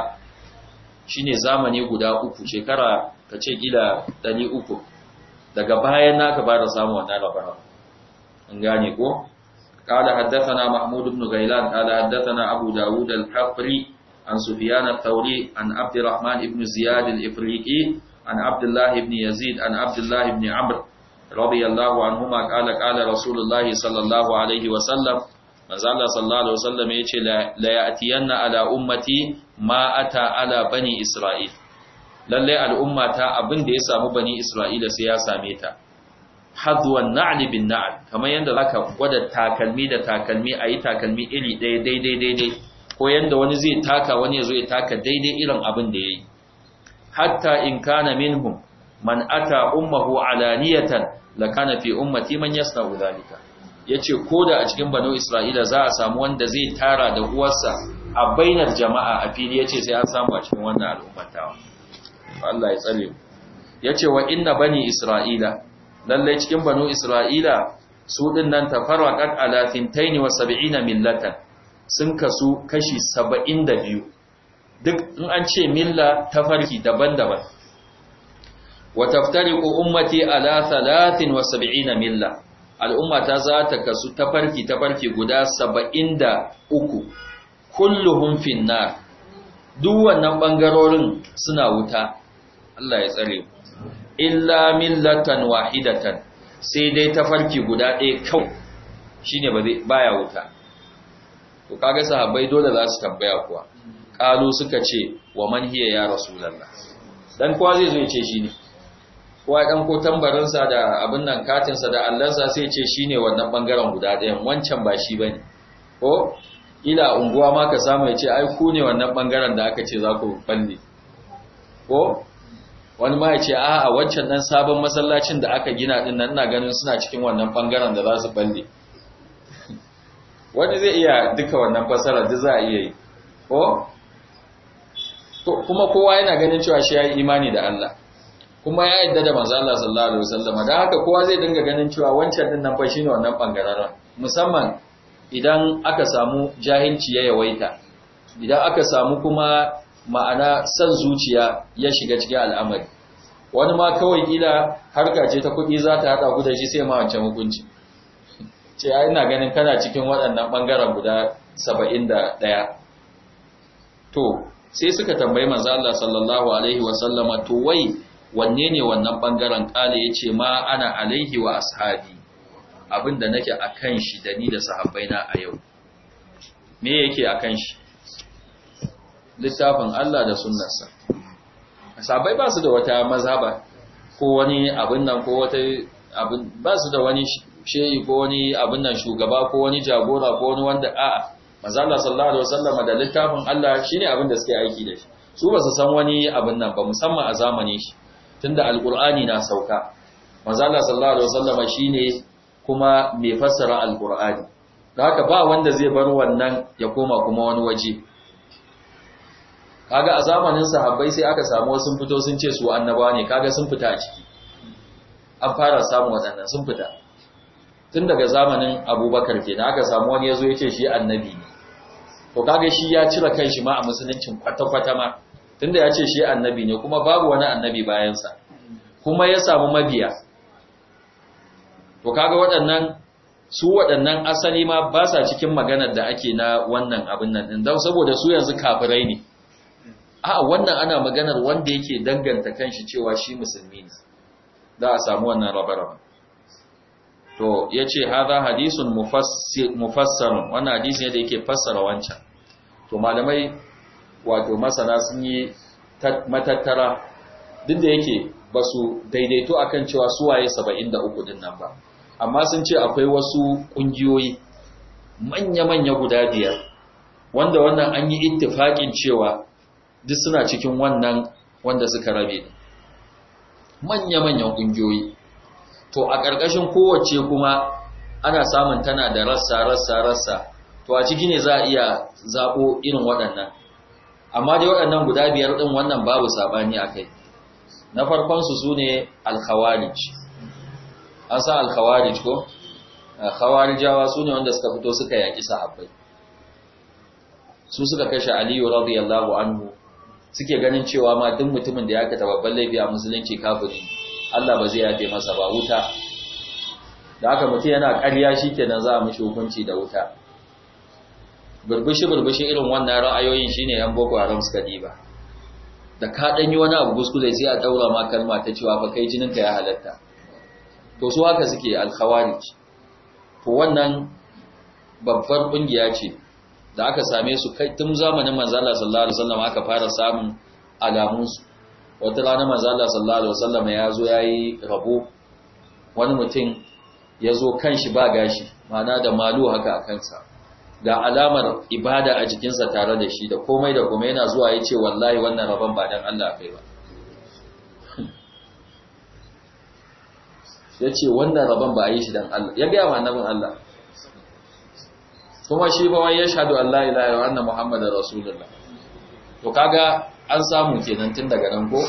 shi ne zamani guda uku shekara ka ce gida ɗari uku daga bayan na ka da samu wannan labarin an gane ko ƙada haddata na mahmudu ibn gailan ƙada haddata na abu dawud al-kafri an sufiyan al-tauri an Abdi Rahman ibn ziyad al-ifriqi an Abdullahi ibn yazid an Abdullahi ibn amr radiyallahu anhuma ƙala ƙala rasulullahi sallallahu alaihi wasallam. manzo Allah sallallahu alaihi wasallam yace ce ya'tiyanna ala ummati ma ala bani isra'il Lallai al'umma ta abin da ya samu bani isra'ila sai ya same ta hadwan na'ali bin na'l kamar yadda zaka gwada takalmi da takalmi ayi takalmi iri ɗaya daidai daidai ko yadda wani zai taka wani yazo ya taka daidai irin abin da ya yi. hatta in kana minhum man ata ummuhu alaniyatan lakana fi ummati man yasna'u dhalika yace da a cikin banu isra'ila za a samu wanda zai tara da uwarsa a bainar jama'a a fili yace sai an samu a cikin wannan al'ummatawa Allah ya tsare mu yace wa inna bani isra'ila Lallai cikin banu isra'ila su din nan tafarraqat ala 72 millatan sun kasu kashi biyu. duk in an ce milla farki daban-daban wa taftariqu ummati ala 73 milla al'umma ta za ta kasu tafarki tafarki guda saba'in da uku kulluhun finna duk wannan ɓangarorin suna wuta Allah ya tsare illa millatan wahidatan sai dai tafarki guda ɗaya kyau shine baya wuta to kaga sahabbai dole za su tambaya kuwa kalu suka ce wa manhiyar ya rasu lalla. dan kuwa zai zo ya ce shi ne kowa ɗan ko tambarinsa da abin nan katinsa da allansa sai ce shi ne wannan ɓangaren guda ɗayan wancan ba shi ba ne ko ila unguwa ma ka samu ya ce ai ku ne wannan ɓangaren da aka ce za ku balle ko wani ma ya ce a a wancan ɗan sabon masallacin da aka gina ɗin nan na ganin suna cikin wannan ɓangaren da za su balle wani zai iya duka wannan fasara da za a iya yi ko kuma kowa yana ganin cewa shi ya yi imani da Allah kuma ya yadda da manzo Allah sallallahu alaihi wasallam da haka kowa zai dinga ganin cewa wancan din nan fa shine wannan bangaren musamman idan aka samu jahilci ya yawaita idan aka samu kuma ma'ana san zuciya ya shiga cikin al'amari wani ma kawai kila harka ce ta kuɗi za ta haɗa ku shi sai ma wancan hukunci ce <laughs> ina ganin kana cikin waɗannan ɓangaren guda saba'in da ɗaya to sai suka tambayi manzo Allah sallallahu alaihi wasallama to wai wanne ne wannan bangaren kale yace ma ana alaihi wa ashabi abinda nake akan shi da ni da sahabbaina a yau me yake akan shi littafin Allah da sunnarsa sahabbai ba su da wata mazhaba ko wani abin nan ko wata abin ba su da wani shehi ko wani abin nan shugaba ko wani jagora ko wani wanda a'a manzo Allah sallallahu alaihi wasallam da littafin Allah shine abin da suke aiki da shi su ba su san wani abin nan ba musamman a zamanin shi tunda alqur'ani na sauka manzo sallallahu alaihi shi shine kuma mai fassara alqur'ani da haka ba wanda zai bar wannan ya koma kuma wani waje kaga a zamanin sahabbai sai aka samu sun fito sun ce su annaba ne kaga sun fita ciki an fara samu waɗannan sun fita tun daga zamanin abubakar ke da aka samu wani ya zo ya ce shi annabi ne to kaga shi ya cire kanshi ma a musuluncin kwata-kwata ma tunda ya ce shi annabi ne kuma babu wani annabi bayansa kuma ya samu mabiya to kaga waɗannan su waɗannan asali ma ba sa cikin maganar da ake na wannan abin nan saboda su yanzu kafirai ne a wannan ana maganar wanda yake danganta kanshi cewa shi musulmi ne za a samu wannan rabe to ya ce haza hadisun mufassarun wannan hadisun yadda da yake fassara wancan to malamai wato masana sun yi matattara duk da yake ba su daidaito a kan cewa suwaye 73 din nan ba amma sun ce akwai wasu kungiyoyi manya-manya guda biyar wanda wannan an yi ittifakin cewa duk suna cikin wannan wanda suka rabe manya-manyan kungiyoyi to a ƙarƙashin kowace kuma ana samun tana da rassa rassa rassa to a ciki ne za a iya zaɓo irin waɗannan amma dai waɗannan guda biyar ɗin wannan babu sabani a kai na farkonsu su ne alkhawarij an san alkhawarij ko eh, khawarijawa su wanda suka fito suka yaƙi sahabbai su suka kashe aliyu radiyallahu anhu suke ganin cewa ma duk mutumin da ya kata babban laifi a musulunci kafiri Allah ba zai yafe masa ba wuta da haka mutum yana ƙarya shikenan za a mishi hukunci da wuta burbushi burbushi irin wannan ra'ayoyin shine yan boko haram suka diba da ka danyi wani abu kuskure sai a daura ma kalma ta cewa fa kai jinin ka ya halatta to su haka suke al-khawarij to wannan babbar kungiya ce da aka same su kai tun zamanin manzo Allah sallallahu alaihi wasallam aka fara samun alamun su wata rana manzo Allah sallallahu alaihi wasallam ya zo yayi rabo wani mutum ya zo kanshi ba gashi ma'ana da malu haka a kansa ga alamar ibada a jikinsa tare da shi da komai da kuma yana zuwa ya ce wallahi wannan rabon ba don Allah kai ba <laughs> ya ce wannan rabon ba a yi shi don Allah ya gaya annabin Allah kuma shi ba wai ya shaɗu Allah ila yau annan Muhammadu Rasulullah to kaga an samu kenan tun daga nan ko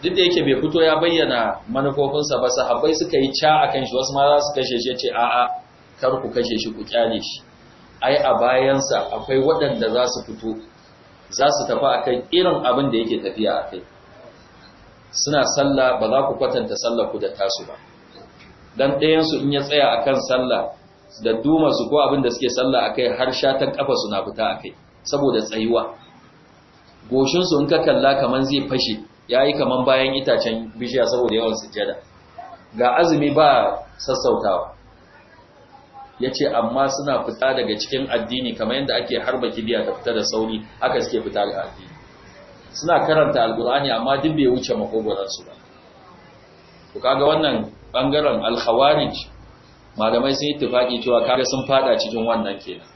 duk da yake bai fito ya bayyana manufofinsa ba sahabbai suka yi ca akan shi wasu ma za su kashe shi ya ce a'a kar ku kashe shi ku kyale shi ai a bayansa akwai waɗanda za su fito za su tafi a irin abin da yake tafiya a kai suna sallah ba za ku kwatanta sallah ku da tasu ba dan ɗayansu in ya tsaya akan kan sallah da duma su ko abin da suke sallah a kai har shatan ƙafa suna fita a kai saboda tsayuwa goshinsu in ka kalla kaman zai fashe ya yi kaman bayan itacen bishiya saboda yawan sujada. ga azumi ba sassautawa ya ce amma suna fita daga cikin addini kamar yadda ake harba kibiya ta fita da sauri aka suke fita da addini suna karanta alkur'ani amma duk bai wuce makogoransu ba ku kaga wannan bangaren alkhawarij malamai sun yi tufaki cewa kaga sun fada cikin wannan kenan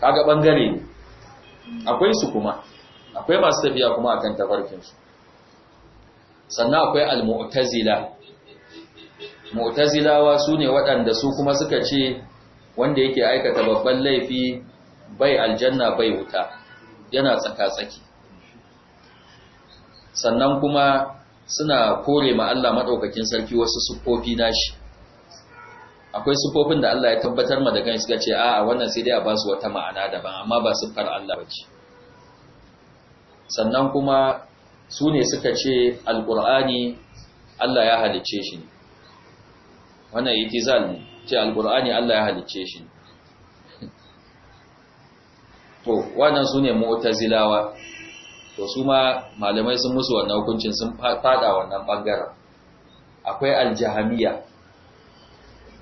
kaga bangare ne akwai su kuma akwai masu tafiya kuma akan tafarkin su sannan akwai al mu'tazilawa su ne waɗanda su kuma suka ce wanda yake aikata babban laifi bai aljanna bai wuta yana tsaka-tsaki sannan kuma suna kore ma Allah maɗaukakin sarki wasu sufofi nashi akwai sufofin da Allah ya tabbatar ma da gani suka ce a'a wannan sai dai a basu wata ma'ana daban amma ba siffar Allah bace sannan kuma su ne suka ce alƙur'ani Allah ya halicce shi ne wannan itizal ne ce Alƙur'ani Allah ya halice shi to wannan sune mu'tazilawa to su ma malamai sun musu wannan hukuncin sun fada wannan bangaren akwai aljahamiya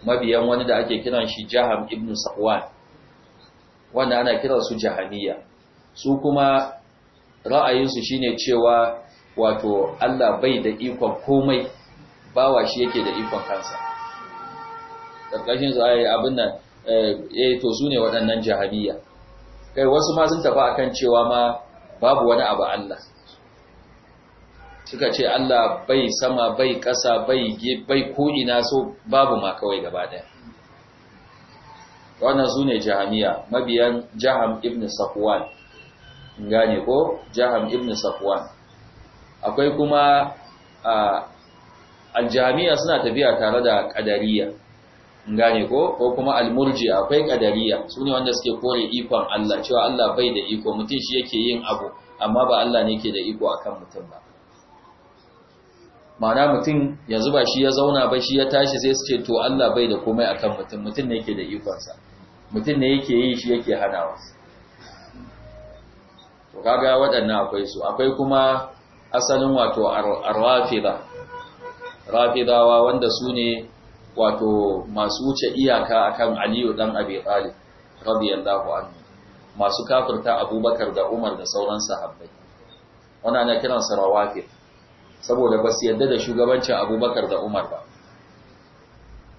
mabiyan wani da ake kiran shi jaham ibn Sa'wan, wanda ana kiran su jahamiya su kuma ra'ayinsu shine cewa wato Allah bai da ikon komai bawa shi yake da ikon kansa karkashin su ayi abin nan eh, eh to su ne waɗannan jahabiyya kai wasu ma sun tafi akan cewa ma babu wani abu Allah suka ce Allah bai sama bai ƙasa bai bai ko ina so babu ma kawai gaba ɗaya wannan su ne jahamiya mabiyan jaham ibn safwan gane ko jaham ibn safwan akwai kuma ah, al-jahamiya suna tafiya tare da ƙadariya gane ko ko kuma almurji akwai kadariya su ne wanda suke kore ikon Allah cewa Allah bai da iko mutum shi yake yin abu amma ba Allah ne yake da iko akan mutum ba Mana mutum yanzu ba shi ya zauna ba shi ya tashi sai su ce to Allah bai da komai akan mutum mutum ne yake da ikonsa mutum ne yake yi shi yake hanawa to kaga waɗannan akwai su akwai kuma asalin wato arrafida rafidawa wanda su ne wato masu wuce iyaka akan Aliyu dan Abi Talib radiyallahu anhu masu kafirta Abubakar da Umar da sauran sahabbai wannan ana kiran sa saboda ba su yadda da shugabancin Abubakar da Umar ba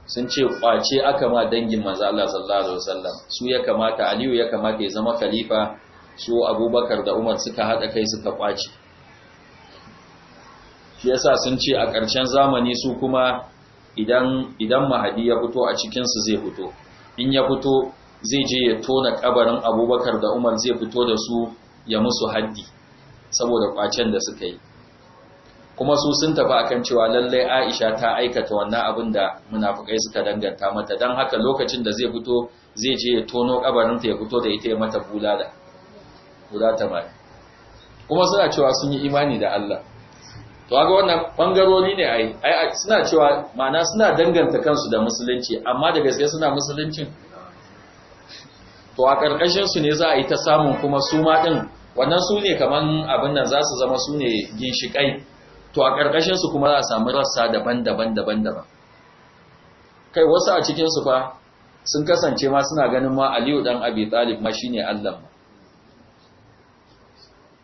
sun ce kwace aka ma dangin manzo Allah sallallahu alaihi wasallam su ya kamata Aliyu ya kamata ya zama khalifa su Abubakar da Umar suka hada kai suka kwace shi yasa sun ce a ƙarshen zamani su kuma idan idan mahadi ya fito a cikin su zai fito in ya fito zai je ya tona kabarin abubakar da umar zai fito da su ya musu haddi saboda kwacen da suka yi kuma su sun tafi akan cewa lallai Aisha ta aikata wannan abin da munafikai suka danganta mata dan haka lokacin da zai fito zai je ya tono kabarin ya fito da ita ya mata bulala ta kuma suna cewa sun yi imani da Allah to ga wannan bangarori ne ai ai suna cewa ma'ana suna danganta kansu da musulunci amma da gaske suna musuluncin to a karkashin su ne za a yi ta samun kuma su ma din wannan su ne kaman abin nan za su zama su ne ginshikai to a karkashin su kuma za a samu rassa daban-daban daban-daban kai wasu a cikin su fa sun kasance ma suna ganin ma Aliyu dan Abi Talib ma shine Allah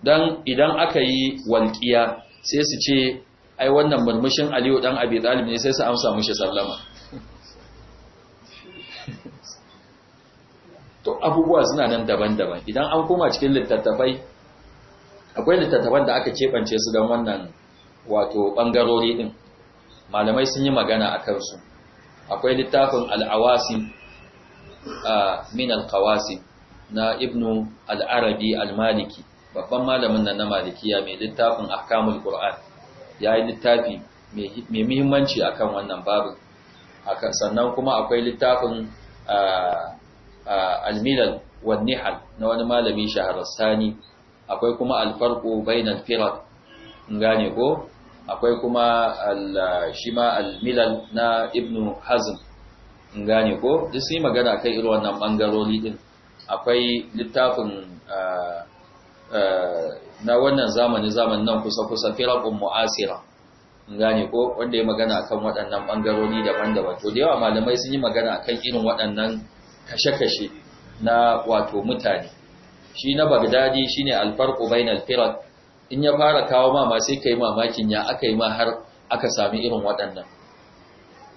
dan idan aka yi walƙiya. sai su ce ai wannan murmushin aliyu dan abi talib ne sai su amsa mushi sallama <laughs> to abubuwa suna nan daban-daban idan an koma cikin littattafai akwai littattafan da aka keɓance su dan wannan wato bangarori din. malamai sun yi magana a kansu akwai littafin al'awasi a ah, min al-qawasi na ibnu Al-Arabi al-maliki babban malamin nan na malikiya mai littafin ahkamul qur'an ya yi littafi mai muhimmanci akan wannan babu sannan kuma akwai littafin al al-milal wan nihal na wani malami shahrastani akwai kuma al-Farquw al-farqu bainal firaq gane ko akwai kuma shima al almilal na ibnu hazm gane ko duk sai magana kai irin wannan bangarori din akwai littafin Eh, na wannan zamani zamanin nan kusa-kusa firakun mu'asira gane ko wanda ya magana akan waɗannan ɓangarori daban-daban to da yawa malamai sun yi magana akan irin waɗannan kashe-kashe na wato mutane shi na bagdadi shine alfarqu bainal firak in ya fara kawo mama sai yi mamakin ya aka yi ma har aka sami irin waɗannan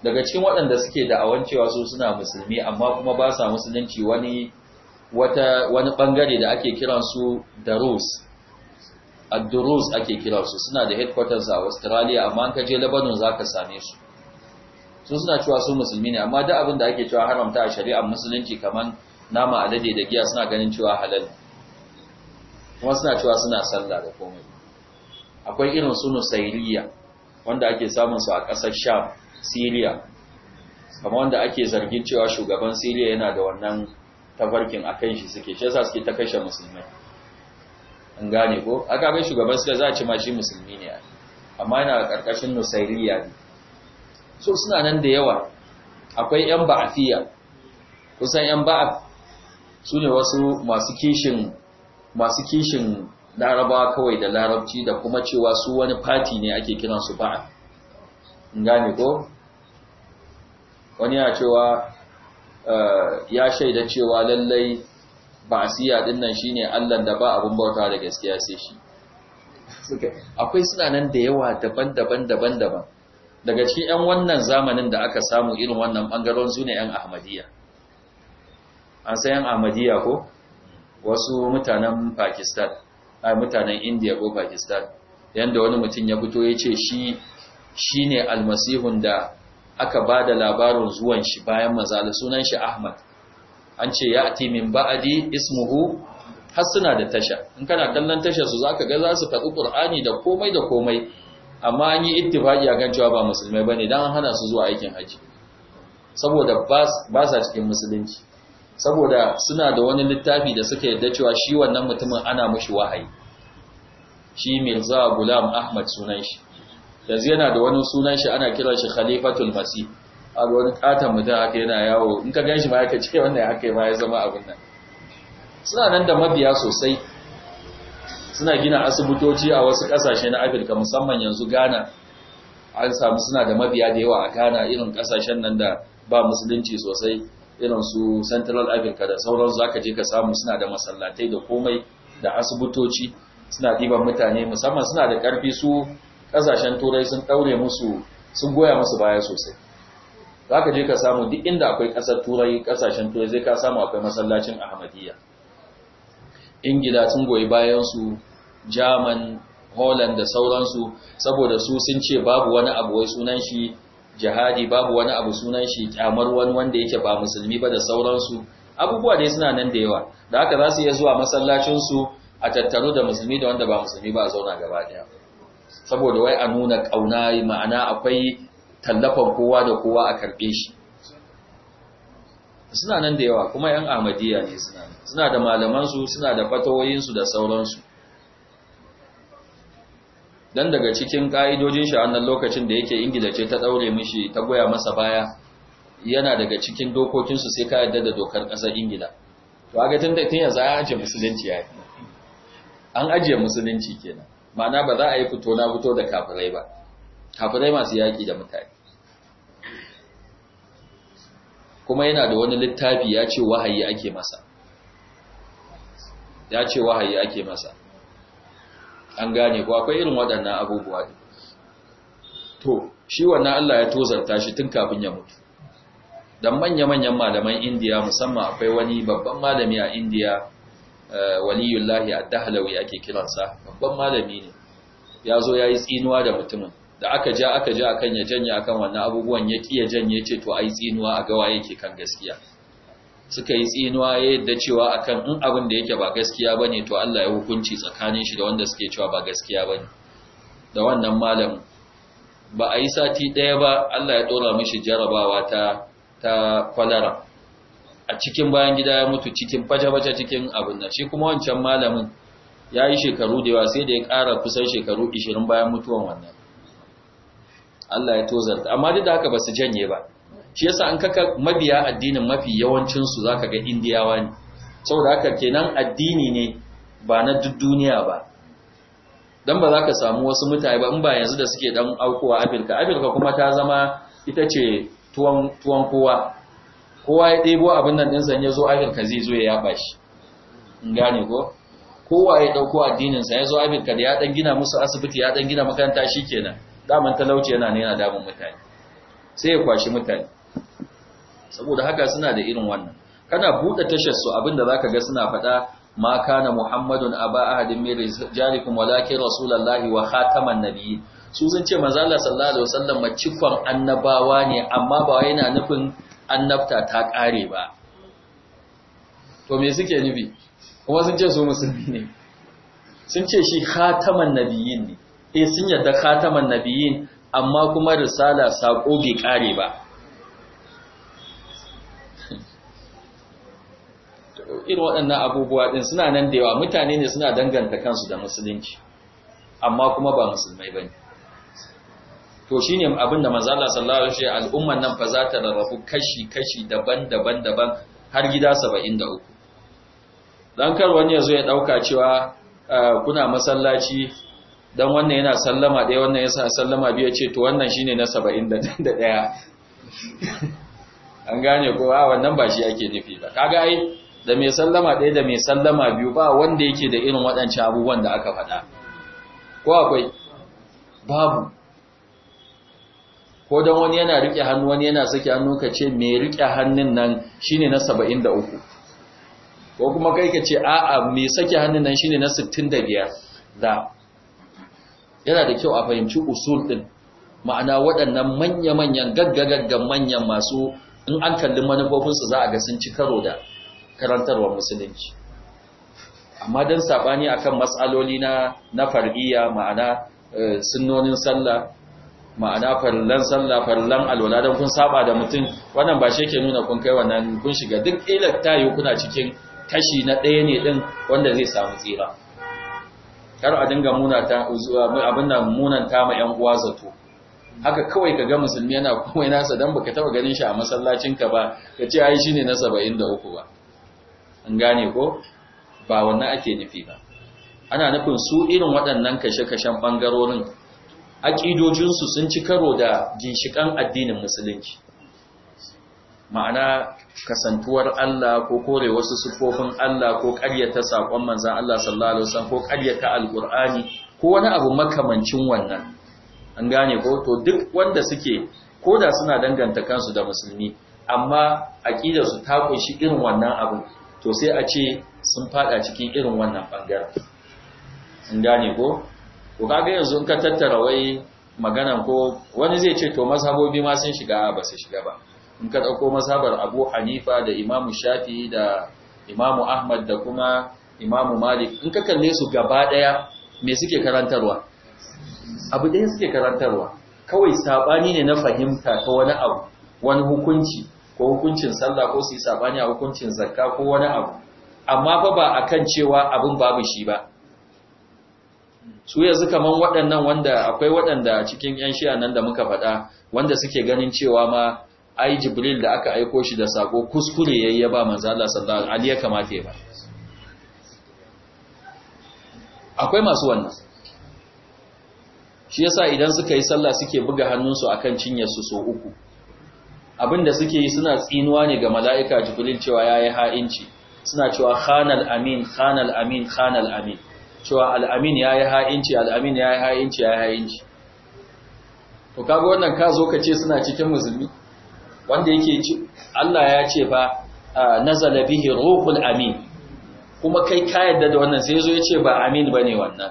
daga cikin waɗanda suke da'awan cewa su suna musulmi amma kuma ba sa musulunci wani wata wani bangare da ake kiransu darus ad-durus ake kiransu suna da headquarters a Australia amma ka je Lebanon zaka same su su suna cewa su musulmi ne amma duk abin da ake cewa haramta a shari'ar musulunci kaman nama alade da giya suna ganin cewa halal kuma suna cewa suna sallah da komai akwai irin su Sayriya, wanda ake samun su a ƙasar sham syria kamar wanda ake zargin cewa shugaban syria yana da wannan tafarkin a kan shi suke shi yasa suke ta kashe musulmai an gane ko aka bai shugaban su da za a ci ma shi musulmi ne amma yana karkashin nusairiya ne so suna nan da yawa akwai yan ba'afiya kusan yan ba'af su ne wasu masu kishin masu kishin larabawa kawai da larabci da kuma cewa su wani fati ne ake kiransu ba'af gane ko wani yana cewa ya shaida cewa lallai siya din nan shine Allah da ba abun bauta da gaskiya sai shi akwai suna nan da yawa daban-daban daban-daban daga cikin 'yan wannan zamanin da aka samu irin wannan bangaren su ne 'yan ahmadiyya an san 'yan ahmadiyya ko wasu mutanen pakistan ai mutanen india ko pakistan yadda wani mutum ya fito ya ce shi shi ne almasihun da aka ba da labarin zuwan shi bayan mazali sunan shi ahmad an ce ya ati min ba'adi ismuhu har suna da tasha in kana kallon tashar su zaka ga za su faɗi qur'ani da komai da komai amma an yi ittifaqi kan cewa ba musulmai bane dan an hana su zuwa aikin haji saboda ba sa cikin musulunci saboda suna da wani littafi da suka yadda cewa shi wannan mutumin ana mushi wahayi shi Mirza Gulam Ahmad sunan shi yanzu yana da wani sunan shi ana kiran shi khalifatul masih a wani katon mutum haka yana yawo in ka gan shi ma yaka cike wannan haka ma ya zama abin nan suna nan da mabiya sosai suna gina asibitoci a wasu kasashe na afirka musamman yanzu ghana an samu suna da mabiya da yawa a ghana irin kasashen nan da ba musulunci sosai irin su central africa da sauran sauransu ka je ka samu suna da masallatai da komai da asibitoci suna ɗiban mutane musamman suna da ƙarfi su kasashen turai sun ɗaure musu sun goya musu baya sosai za ka je ka samu duk inda akwai ƙasar turai ƙasashen turai zai ka samu akwai masallacin ahmadiyya gida sun goyi bayansu german holland da sauransu saboda su sun ce babu wani abu wai sunan shi jihadi babu wani abu sunan shi kyamar wani wanda yake ba musulmi ba da sauransu abubuwa dai suna nan da yawa da haka za su iya zuwa masallacinsu a tattaru da musulmi da wanda ba musulmi ba a zauna gaba ɗaya saboda wai a nuna ƙauna ma'ana akwai tallafan kowa da kowa a karɓe shi suna nan da yawa kuma yan amadiya ne suna suna da malamansu suna da fatawoyinsu da sauransu dan daga cikin ƙa'idojin shi annan lokacin da yake ingila ce ta ɗaure mishi ta goya masa baya yana daga cikin dokokinsu sai ka yarda da dokar ƙasar ingila to ga tun da tun yanzu an ajiye musulunci ya an ajiye musulunci kenan ma'ana ba za a yi fito na fito da kafirai ba kafirai masu yaƙi da mutane kuma yana da wani littafi ya ce wahayi ake masa ya ce wahayi ake masa an gane ko akwai irin waɗannan abubuwa ne to shi wannan Allah ya tozarta shi tun kafin ya mutu dan manya-manyan malaman indiya musamman akwai wani babban malami a indiya Eh, waliyullahi ad ake kiransa babban malami ne ya zo ya yi tsinuwa da mutumin da aka ja aka ja akan ya janye akan wannan abubuwan ya ƙi janye ce to ai tsinuwa a gawa yake kan gaskiya suka yi tsinuwa ya yadda cewa akan in abin da yake ba gaskiya ne to Allah ya hukunci tsakanin shi da wanda suke cewa ba gaskiya bane da wannan malam ba a yi sati ɗaya ba Allah ya ɗora mishi jarabawa ta ta kwalara a cikin bayan gida ya mutu cikin bace-bace cikin abin nan shi kuma wancan malamin ya yi shekaru da yawa sai da ya ƙara kusan shekaru 20 bayan mutuwan wannan Allah ya tozarta amma duk da haka ba su janye ba shi yasa an kaka mabiya addinin mafi yawancin su zaka ga indiyawa ne saboda haka kenan addini ne ba na duk duniya ba dan ba za ka samu wasu mutane ba in ba yanzu da suke dan aukowa afirka afirka kuma ta zama ita ce tuwon kowa kowa ya ɗebo abin nan ɗinsa ya zo abinka zai zo ya yaɓa shi in gane ko kowa ya ɗauko addininsa ya zo abinka da ya ɗan gina musu asibiti ya ɗan gina makaranta shi kenan daman talauci yana ne yana damun mutane sai ya kwashi mutane saboda haka suna da irin wannan kana buɗe tashar su abin da za ka ga suna faɗa ma kana muhammadun aba ahadin mai rijalikum walakin Rasulallah, wa khataman nabiyyi su sun ce manzo Allah sallallahu alaihi wasallam cikon annabawa ne amma ba yana nufin annabta ta ƙare ba to me suke nufi kuma sun ce su musulmi ne sun ce shi khataman nabiyin ne eh sun yadda khataman nabiyin amma kuma risala sako bai ƙare ba irin waɗannan abubuwa ɗin suna nan da yawa mutane ne suna danganta kansu da musulunci amma kuma ba musulmai ba ne to shine abinda da manzo Allah sallallahu alaihi wasallam al'umman nan fa za ta rarrafu kashi kashi daban-daban daban har gida 73 dan kar wani zai ya dauka cewa ah, kuna masallaci dan wannan yana sallama ɗaya wannan yasa sallama biyu ce to wannan shine na 71 <laughs> an gane ko a wannan ba shi ake nufi ba kaga ai da mai sallama ɗaya da mai sallama biyu ba wanda yake da irin waɗancan abubuwan da aka faɗa ko akwai babu ko don wani yana rike hannu wani yana saki hannu ka ce mai rike hannun nan shine na 73 ko kuma kai ka ce a'a mai saki hannun nan shine na 65 da yana da kyau a fahimci usul din ma'ana waɗannan manya-manyan gaggagaggan manyan masu in an kalli manufofinsu za a ga sun ci karo da karantarwar musulunci amma don saɓani akan matsaloli na na far'iyya ma'ana eh, sunnonin sallah ma'ana farillan sallah farillan alwala dan kun saba da mutum wannan ba shi ke nuna kun kai wannan kun shiga duk ilar yi kuna cikin kashi na ɗaya ne din wanda zai samu tsira kar a dinga muna ta abin nan munan ta ma yan uwa zato haka kawai ka ga musulmi yana yana nasa dan baka taba ganin shi a masallacin ka ba ka ce ai shine na 73 ba an gane ko ba wannan ake nufi ba ana nufin su irin waɗannan kashe-kashen bangarorin aƙidojinsu sun ci karo da ginshiƙan addinin musulunci ma'ana kasantuwar Allah ko kore wasu sufofin Allah ko ƙaryata saƙon manzan Allah sallallahu alaihi wasallam ko ƙaryata alƙur'ani ko wani abu makamancin wannan an gane ko to duk wanda suke ko da suna danganta kansu da musulmi amma aƙidarsu ta kunshi irin wannan abu to sai a ce sun fada cikin irin wannan bangaren an gane ko ko kaga yanzu in ka tattara wai maganan ko wani zai ce to mazhabobi ma sun shiga ba su shiga ba in ka dauko mazhabar Abu Hanifa da Imam Shafi da Imam Ahmad da kuma Imam Malik in ka kalle su gaba daya me suke karantarwa abu ɗaya suke karantarwa kawai sabani ne na fahimta ta wani abu wani hukunci ko hukuncin sallah ko su yi sabani a hukuncin zakka ko wani abu amma fa ba akan cewa abin babu shi ba su yanzu kaman waɗannan wanda akwai waɗanda cikin 'yan shi'a nan da muka faɗa wanda suke ganin cewa ma ai jibril da aka aiko shi da sako kuskure yayi ya ba manzo Allah sallallahu alaihi wasallam ya kamata ya ba akwai masu wannan shi yasa idan suka yi sallah suke buga hannunsu akan cinyar su so uku da suke yi suna tsinuwa ne ga mala'ika jibril cewa yayi ha'inci suna cewa khanal amin khanal amin khanal amin cewa al'amin ya yi ha'inci al'amin ya yi ha'inci ya yi ha'inci to kaga wannan ka zo ka ce suna cikin musulmi wanda yake ci Allah ya ce ba nazala bihi ruhul amin kuma kai ka yadda da wannan sai zo ya ce ba amin bane wannan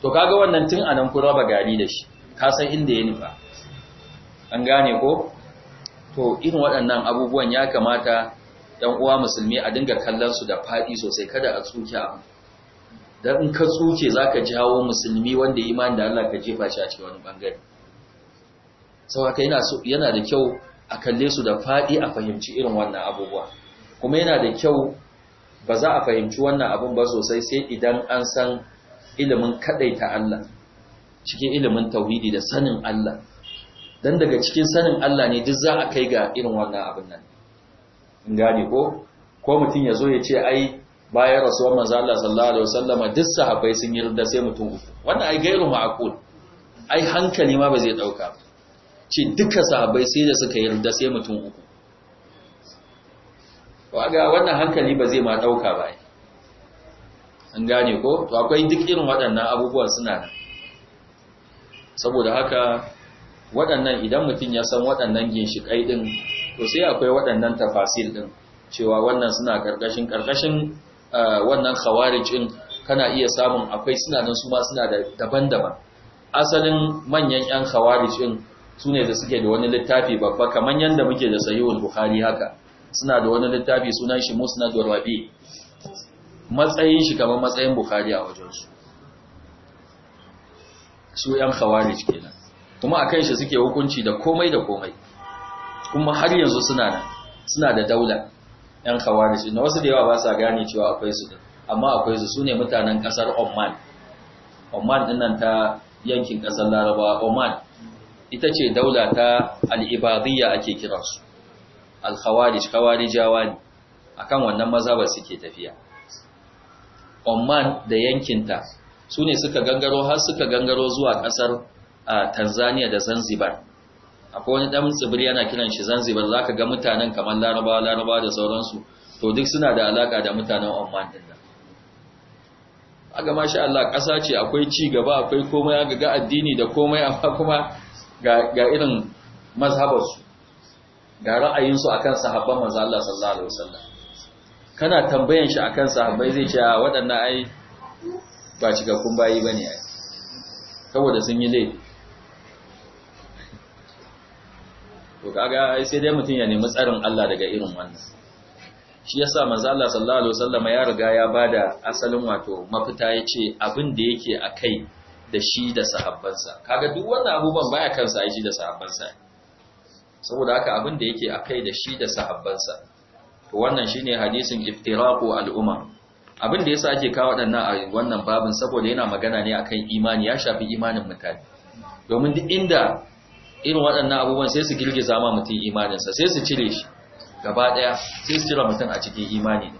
to kaga wannan tun anan ku raba gari da shi ka san inda ya nufa an gane ko to irin waɗannan abubuwan ya kamata ɗan uwa musulmi a dinga kallon su da faɗi sosai kada a tsuke abu dan in ka tsuce zaka jawo musulmi wanda imani da Allah ka jefa shi a cikin wani bangare sau haka yana da kyau a kalle su da faɗi a fahimci irin wannan abubuwa kuma yana da kyau ba za a fahimci wannan abun ba sosai sai idan an san ilimin kadaita Allah cikin ilimin tauhidi da sanin Allah dan daga cikin sanin Allah ne duk za a kai ga irin wannan abin nan in gane ko ko mutum ya zo ya ce ai bayan rasuwar manzo Allah sallallahu alaihi wasallam duk sahabai sun yi ridda sai mutum uku wanda ai gairu ma'akul ai hankali ma ba zai dauka ce duka sahabai sai da suka yi ridda sai mutum uku waga wannan hankali ba zai ma dauka ba an gane ko to akwai duk irin waɗannan abubuwan suna nan saboda haka waɗannan idan mutum ya san waɗannan ginshiƙai ɗin to sai akwai waɗannan tafasil ɗin cewa wannan suna ƙarƙashin ƙarƙashin wannan khawarij in kana iya samun akwai suna nan su ma suna da daban-daban asalin manyan yan khawarij in sune da suke da wani littafi babba kamar yanda muke da sahihul bukhari haka suna da wani littafi sunan shi musnad rabi matsayin shi kamar matsayin bukhari a wajen su su yan khawarij kenan kuma akan shi suke hukunci da komai da komai kuma har yanzu suna nan suna da daula yan su na wasu da yawa ba sa gane cewa akwai su din amma akwai su sune mutanen kasar Oman Oman din ta yankin kasar Laraba. Oman ita ce daula ta al ake kiransu al-khawarij khawarijawa ne akan wannan mazhabar suke tafiya Oman da yankinta su ne suka gangaro har suka gangaro zuwa kasar Tanzania da Zanzibar akwai wani dan tsibiri yana kiran shi Zanzibar zaka ga mutanen kamar Larabawa Larabawa da sauransu to duk suna da alaka da mutanen Oman din nan aga masha Allah kasa ce akwai ci gaba akwai komai aga ga addini da komai amma kuma ga ga irin mazhabarsu ga ra'ayinsu akan sahabban manzo Allah sallallahu alaihi wasallam kana tambayan shi akan sahabbai zai ce waɗannan ai ba cikakkun bayi bane ai saboda sun yi laifi to kaga sai dai mutum ya nemi tsarin Allah daga irin wannan shi yasa manzo Allah sallallahu alaihi wasallam ya riga ya bada asalin wato mafita yace abin da yake akai da shi da sahabbansa kaga duk wannan abubuwan baya kansa ai da sahabbansa saboda haka abin da yake akai da shi da sahabbansa to wannan shine hadisin iftiraqu al-umam abin da yasa ake kawo waɗannan a wannan babin saboda yana magana ne akan imani ya shafi imanin mutane domin duk inda irin waɗannan abubuwan sai su girgiza ma mutum imaninsa sai su cire shi gaba ɗaya sai su cire mutum a cikin imani ne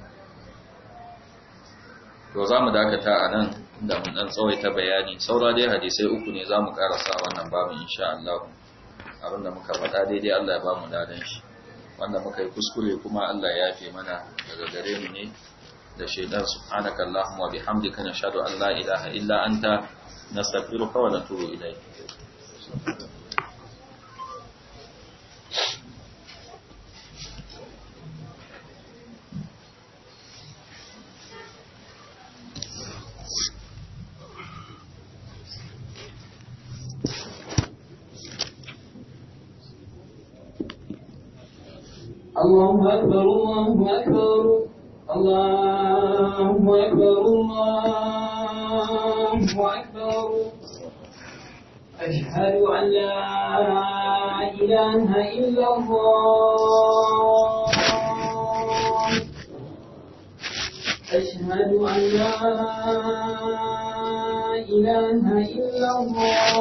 to za mu dakata a nan da mun ɗan tsawaita bayani saura dai hadisai uku ne za mu ƙarasa wannan babin insha Allah abinda muka faɗa daidai Allah ya ba mu dadan shi wanda muka yi kuskure kuma Allah ya yafe mana daga gare mu ne da shaidan subhanaka allahumma bihamdika nashhadu an la ilaha illa anta nastaghfiruka wa natubu ilayk اللهم أكبر اللهم أكبر اللهم أكبر الله أكبر أشهد أن لا إله إلا الله أشهد أن لا إله إلا الله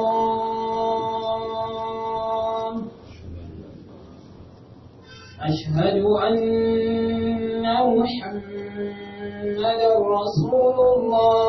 أشهد أن محمدا رسول الله